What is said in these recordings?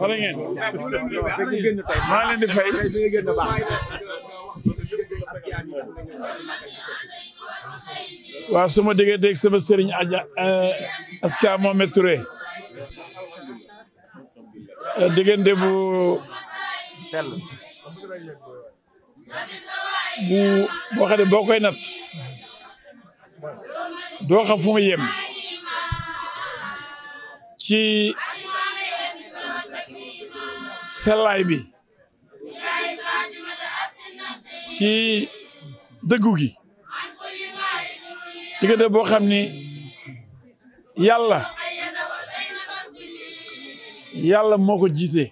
wala ngeen maa leen sama diggante ak sama sëriñ aja Touré bu boo boo koy nat doo xam fu mu yem ci sellaay bi ci dëggu gi diggante boo xam ni yàlla yàlla moo ko jiite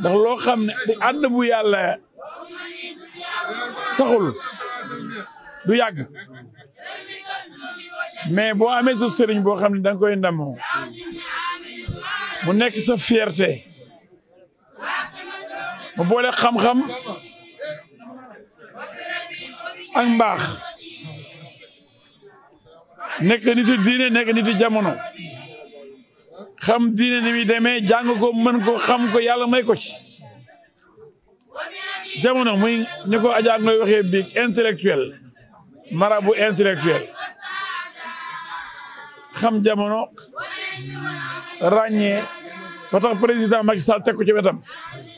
ndax loo xam ne ànd bu yàlla taxul du yàgg mais boo amee sa sëriñ boo xam ne da nga koy ndamoo mu nekk sa fierté mu boole xam-xam ak mbaax nekk nit diine nekk nit jamono xam diine ni muy demee jàng ko mën ko xam ko yàlla may ko ci. jamono muy ni ko Adja Ngoye waxee biig intellectuel marabu intellectuel xam jamono ràññee ba tax président Macky Sall teg ko ci wetam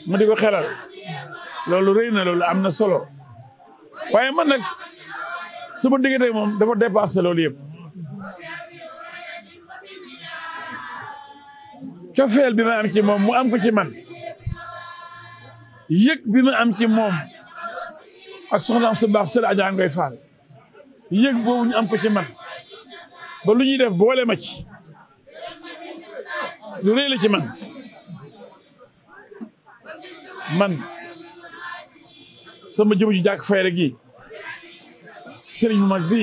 mu di ko xelal loolu rëy na loolu am na solo waaye man nag suma diggante moom dafa dépassé loolu yëpp cofeel bi ma am ci moom mu am ko ci man yëg bi ma am ci moom ak soxnaam su baax sëla ajaa ngoy faal yëg boobu ñu am ko ci man ba lu ñuy def boole ma ci lu rëy ci man man sama jëmu ju jàkk fayre gi sëriñ bu mag bi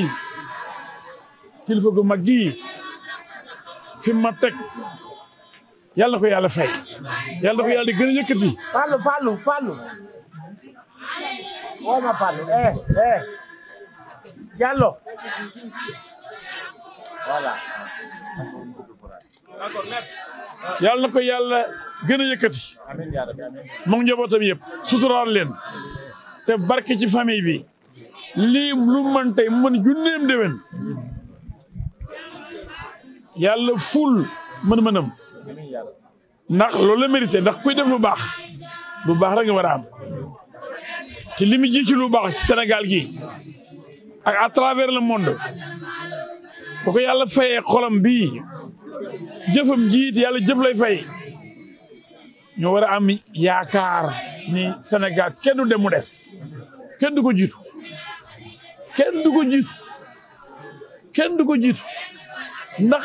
kilifa gu mag gi fi ma teg yàlla ko yàlla fay yàlla dafa yàlla di gën a yëkkati. Fallou Fallou Fallou. woo ma eh, eh. na ko yàlla gën a yëkkati. moom njabootam yëpp suturaal leen. te barke ci bi. lii lu mën tey mën yàlla ful mën-mënam. ndax loolu la mérité ndax kuy def lu baax lu baax rek nga war a am te li mu ji ci lu baax ci Sénégal gi a à travers le monde bu ko yàlla fayee xolam bii jëfam jiit yàlla jëf lay fay ñu war a am yaakaar ni Sénégal kenn du dem mu des kenn du ko jiitu kenn du ko jiitu kenn du ko jiitu ndax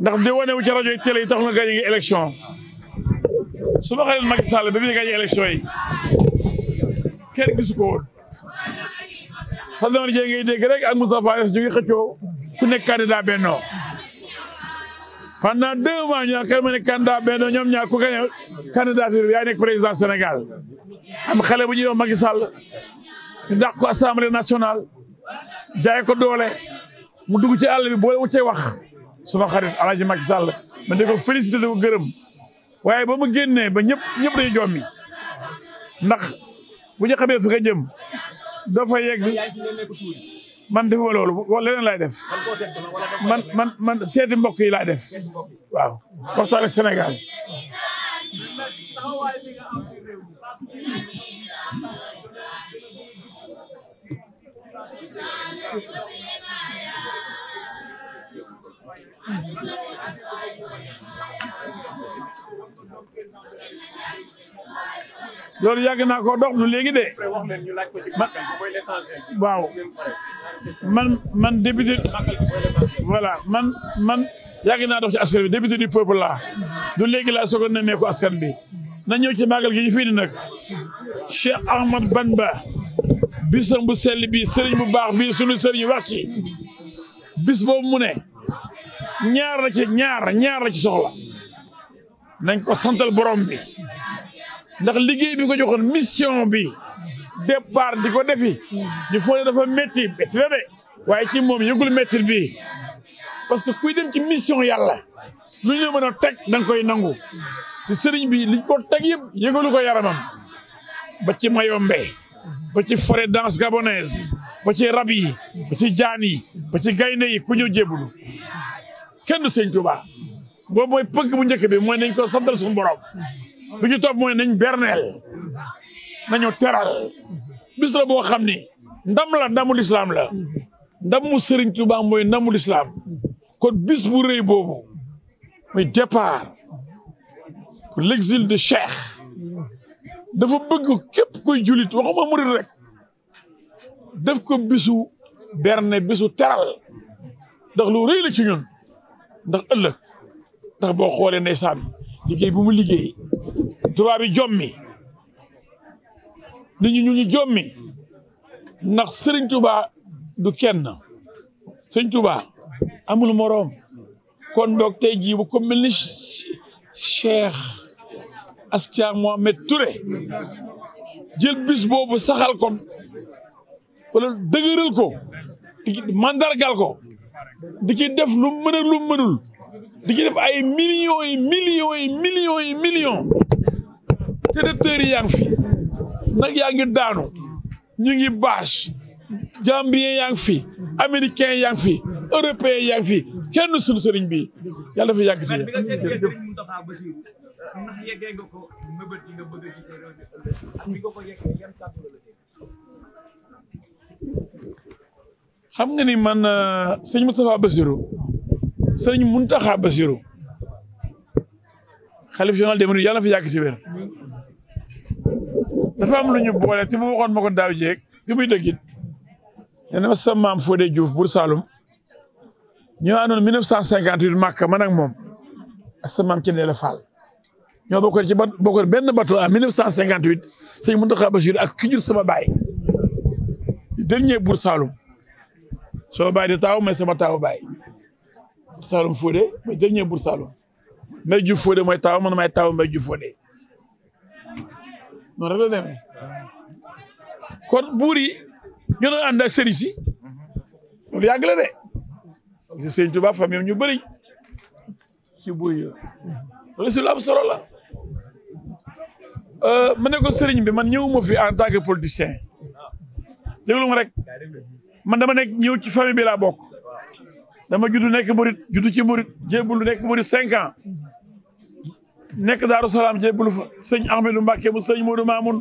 ndax di wane wu ci rajo yi télé yi tax na gagné élection su ma xarit Macky Sall ba muy gagné élection yi kenn gisu ko woon Tanor Dieng ngay dégg rek ak Moustapha Niasse ñu xëccoo ku nekk candidat Benno pendant deux mois ñu naan kan ma nekk candidat Benno ñoom ñaar ku gagné candidature yaa nekk président Sénégal am xale bu ñuy wax Macky Sall ñu ko assemblée nationale jaay ko doole mu dugg ci àll bi boole wu wax. suma xarit alaaji Macky Sall man di félicité di ko waaye ba mu génnee ba ñëpp ñëpp dañu jommi ndax bu ñu xamee fi nga jëm doo fa yegg man defuma loolu leneen laay def man man seeti mbokk yi laay def waaw waxtaan ak Sénégal loolu yàgg naa ko dox du léegi de. waaw man man député voilà man man yàgg naa dox ci askan bi député du peuple laa du léegi laa soog a nemmeeku askan bi na ñëw ci màggal gi ñu fi indi nag Cheikh Ahmad Bamba bisam bu sell bi sëriñ bu baax bi sunu sëriñ wax ci bis boobu mu ne ñaar la ci ñaar ñaar la ci soxla nañ ko santal borom bi ndax liggéey bi nga ko joxoon mission bi départ di ko defi ñu foog ne dafa métti métti la waaye ci moom yëgul métti bi parce que kuy dem ci mission yàlla lu ñu mën a teg da koy nangu te sëriñ bi liñ ko teg yëpp yëgalu ko yaramam ba ci Mayombe ba ci fore danse gabonaise ba ci rab yi ba ci jaan yi ba ci gaynde yi ku ñëw jébulu kenn du sëñ Tuubaa mooy pënk bu njëkk bi mooy nañ ko santal suñu borom bi ci topp mooy boo xam ni ndam la ndamul islaam la ndamu sëriñ mooy ndamul islaam kon bis bu rëy boobu muy départ pour l'exil de Cheikh dafa bëgg képp koy julit waxuma murit rek def ko bisu berne bisu teral ndax lu rëy la ci ñun ndax ëllëg ndax boo xoolee ndeysaan liggéey bu mu liggéey tubaab bi jommi nit ñi ñu jommi ndax sëriñ Tuubaa du kenn sëriñ Tuubaa amul moroom kon doog tey jii bu ko mel ni Cheikh Askia Mohamed jël bis boobu saxal ko wala dëgëral ko mandargal ko diki def lu mën lu mënul di ci def ay millions yi millions yi millions yi millions tracteurs yaa ngi fi nag yaa ngi daanu ñu ngi bâche gambien yaa ngi fi américain yaa fi européen yaa ngi fi kenn suñu sëriñ bi yàlla dafa yàgg ci ndax xam nga ni man euh, sëñ Moustapha Bassirou sëñ Mountakha Bassirou xalif général des mourides yàlla fi yàgg ci wér dafa am lu ñu boole te mu waxoon ma ko daaw jeeg te muy dëggit na ma sa maam Fodé Diouf Bour Saloum ñoo àndoon 1958 Màkka man ak moom ak sa maam Thiendella Fall ñoo bokkoon ci ba bokkoon benn bateau en 1958 sëñ Mountakha Bassirou ak ki jur sama baay dernier Bour Saloum sama baay di taaw mais sama taaw baay Bour Saloum Fodé mooy dernier Bour Saloum Mbaye Diouf Fodé mooy taaw ma maay taaw Mbaye Diouf Fodé noonu rek la kon buur yi ñu doon ànd ak yàgg la de si sëriñ Tuubaa ñu bëri ci buur yi loolu si lu am solo la euh, ma ne ko sëriñ bi man ñëwuma fi en tant que politicien déglu ma rek man dama nekk ñëw ci famille bi laa bokk dama judd nekk murit judd ci murit jébbalu nekk murit cinq ans nekk daaru salaam jébbalu fa sëñ Ahmedou Mbacke mu sëñ Modou Mamoun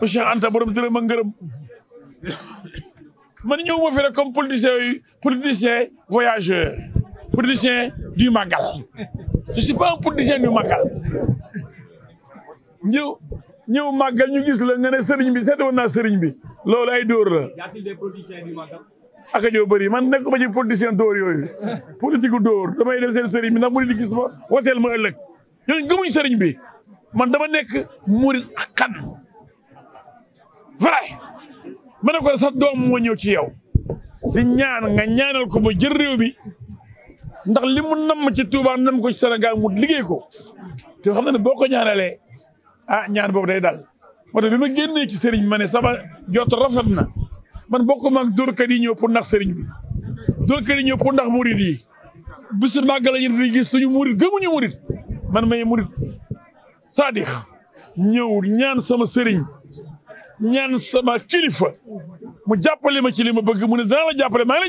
mu Cheikh Anta borom dërëm ak ngërëm man ñëw ma fi rek comme politicien yu politicien voyageur politicien du Magal je suis pas un politicien du Magal ñëw ñëw màggal ñu gis la nga ne sëriñ bi seet woon naa sëriñ bi loolu ay dóor la. ak a joo bëri man nekk ma ci politicien dóor yooyu politique dóor damay dem seen sëriñ bi na murid di gis ma wateel ma ëllëg ñooñu gëmuñ sëriñ bi man dama nekk murid kan vrai ma ne ko sax doom moo ñëw ci yow di ñaan nga ñaanal ko ba jël réew mi ndax li mu ma ci Touba nam ko ci Sénégal mu liggéey ko te xam na ne boo ko ñaanalee ah ñaan boobu day dal moo tax bi ma génn ci sëriñ ma ne sama jot rafet na man bokkuma ak dóorkat yi ñëw pour ndax sëriñ bi dóorkat yi ñëw pour ndax murit yi bisu màggal yi fi gis duñu murit gëmuñu murit man may murit saadix ñëw ñaan sama sëriñ ñaan sama kilifa mu jàppale ma ci li ma bëgg mu ne dana la jàppale maa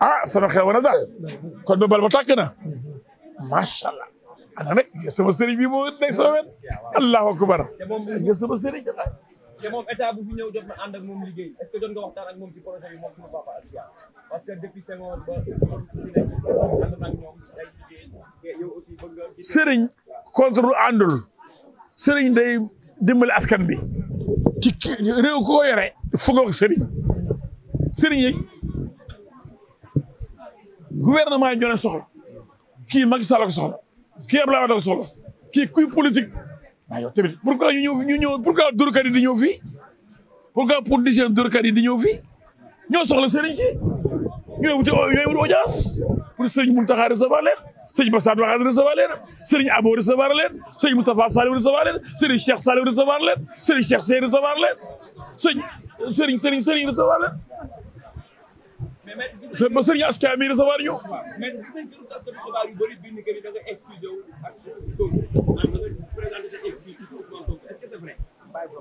ah sama xel war a kon ba bal ba tàkk na macha ana nag sama sëriñ bi moo nekk sama wet allahu akbar sama sëriñ te moom état bu fi ñëw jot na parce que depuis Senghor ba askan bi ci réew ko yore fu nga wax sëriñ sëriñ yi gouvernement yi ñoo leen soxla kii Abdoulaye Wade soxla kii kuy politique waaw ah, yow tamit pourquoi ñu ñëw fi ñu ñëw pourquoi dóorkat yi di ñëw fii pourquoi politicien dóorkat yi di ñëw fii ñoo soxla sëriñ si ñooy wuti ñooy wuti audience pour sëriñ Mountakha recevoir leen sëriñ Bassirou Diomaye recevoir leen sëriñ Abo recevoir leen sëriñ Moustapha Saliou recevoir leen sëriñ Cheikh Saliou recevoir leen sëriñ Cheikh Sey recevoir leen sëriñ sëriñ mais ba sëriñ askan mi recevoir ñu. mais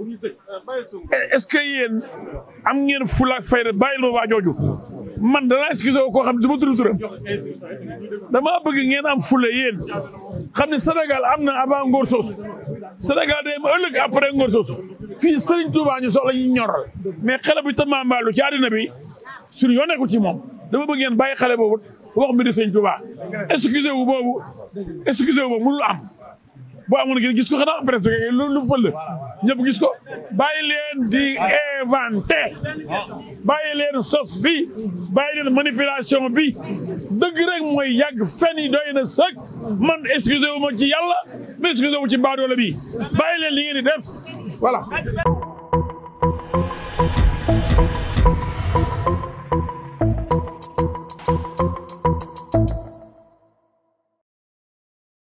euh, eh, est-ce que yéen am ngeen fulaak fayda bàyyil ma waa jooju man danaa excuse wu koo xam ne du ma tudd turam damaa bëgg ngeen am fula yéen xam ne Sénégal am na avant Ngor Soosu Sénégal day am ëllëg après Ngor Soosu fii Serigne Touba ñu soxla ñu ñoral mais xel bu tëmbaambaalu ci àddina bi. suñu yoon nekkul ci moom dama bëgg ngeen bàyyi xale boobu wax mbiri sëñ Tuubaa excuse wu boobu excuse wu boobu mënul am boo amoon ngeen gis ko a presque lu lu fël ñëpp gis ko bàyyi leen di inventé bàyyi leen sos bi bàyyi leen manipulation bi dëgg rek mooy yàgg fen yi doy na sëkk man excuse wu ma ci yàlla ma excuse wu ci baadoola bi bàyyi leen li ngeen di def voilà